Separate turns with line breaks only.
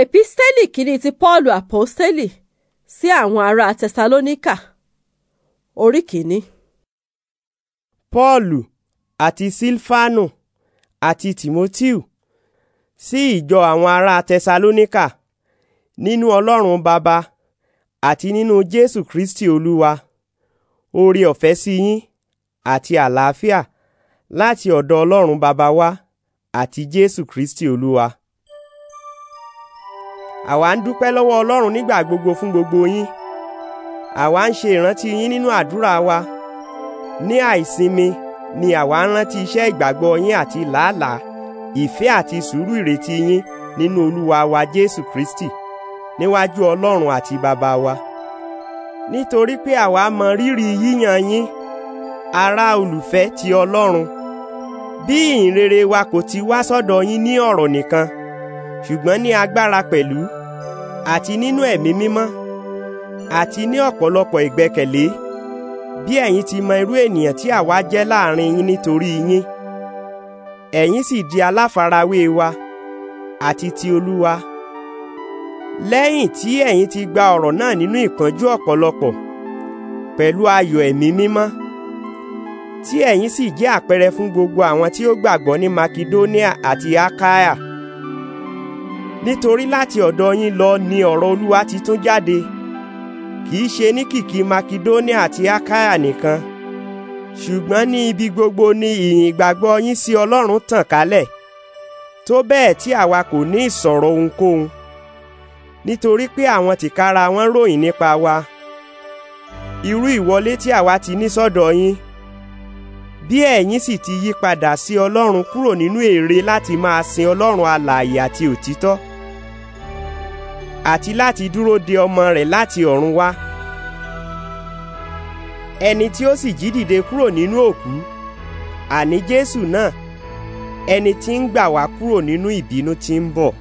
èpísítẹ́lì kìíní ti paul àpọ́stẹ́lì sí àwọn ará tẹsalóníkà orí kìíní. paul àti silfanu àti timotiu sí ìjọ àwọn ará tẹsalóníkà nínú ọlọ́run bàbá àti nínú jésù kristi olúwa oore ọ̀fẹ́ sí yín àti àlàáfíà láti ọ̀dọ̀ ọlọ́run bàbá wa àti jésù kristi olúwa àwa ń dúpẹ́ lọ́wọ́ Ọlọ́run nígbà gbogbo fún gbogbo yín àwa ń ṣe ìrántí yín nínú àdúrà wa ní àìsinmi ni àwa ń rántí iṣẹ́ ìgbàgbọ́ yín àti làálàá ìfẹ́ àti sùúrù ìrètí yín nínú Olúwa wa Jésù Kristi níwájú Ọlọ́run àti bàbá wa nítorí pé àwa mọ rírì yíyan yín ara olùfẹ́ ti Ọlọ́run bí ìhìnrere wa kò ti wá sọ́dọ̀ yín ní ọ̀rọ̀ nìkan ṣùgbọ́n ní agbára pẹ̀lú àti nínú ẹ̀mí mímọ́ àti ní ọ̀pọ̀lọpọ̀ ìgbẹ́kẹ̀lé bí ẹ̀yin ti mọ irú ènìyàn tí àwa jẹ́ láàrin yín nítorí yín ẹ̀yin sì di aláfarawé wa àti ti Olúwa lẹ́yìn tí ẹ̀yin ti gba ọ̀rọ̀ náà nínú ìkánjú ọ̀pọ̀lọpọ̀ pẹ̀lú ayọ̀ ẹ̀mí mímọ́ tí ẹ̀yin sì jẹ́ àpẹẹrẹ fún gbogbo àwọn tí ó gbàgbọ́ ní Makedonia àti Akaya nítorí láti ọ̀dọ̀ yín lọ ni ọ̀rọ̀ olúwa ti tún jáde kì í ṣe ní kìkì makedonia àti akaya nìkan ṣùgbọ́n ní ibi gbogbo ni ìyìn ìgbàgbọ́ yín sí ọlọ́run tàn kálẹ̀ tó bẹ́ẹ̀ tí àwa kò ní ìsọ̀rọ̀ ohunkóhun nítorí pé àwọn tìkára wọn ròyìn nípa wa irú ìwọlé tí àwa ti ní sọ́dọ̀ yín bí ẹ̀yin sì ti yí padà sí ọlọ́run kúrò nínú ère láti máa sin ọlọ́run alààyè àti òtítọ́ àti láti dúró de ọmọ rẹ̀ láti ọ̀run wá ẹni tí ó sì jí dìde kúrò nínú òkú àní Jésù náà ẹni tí ń gbà wá kúrò nínú ìbínú tí ń bọ̀.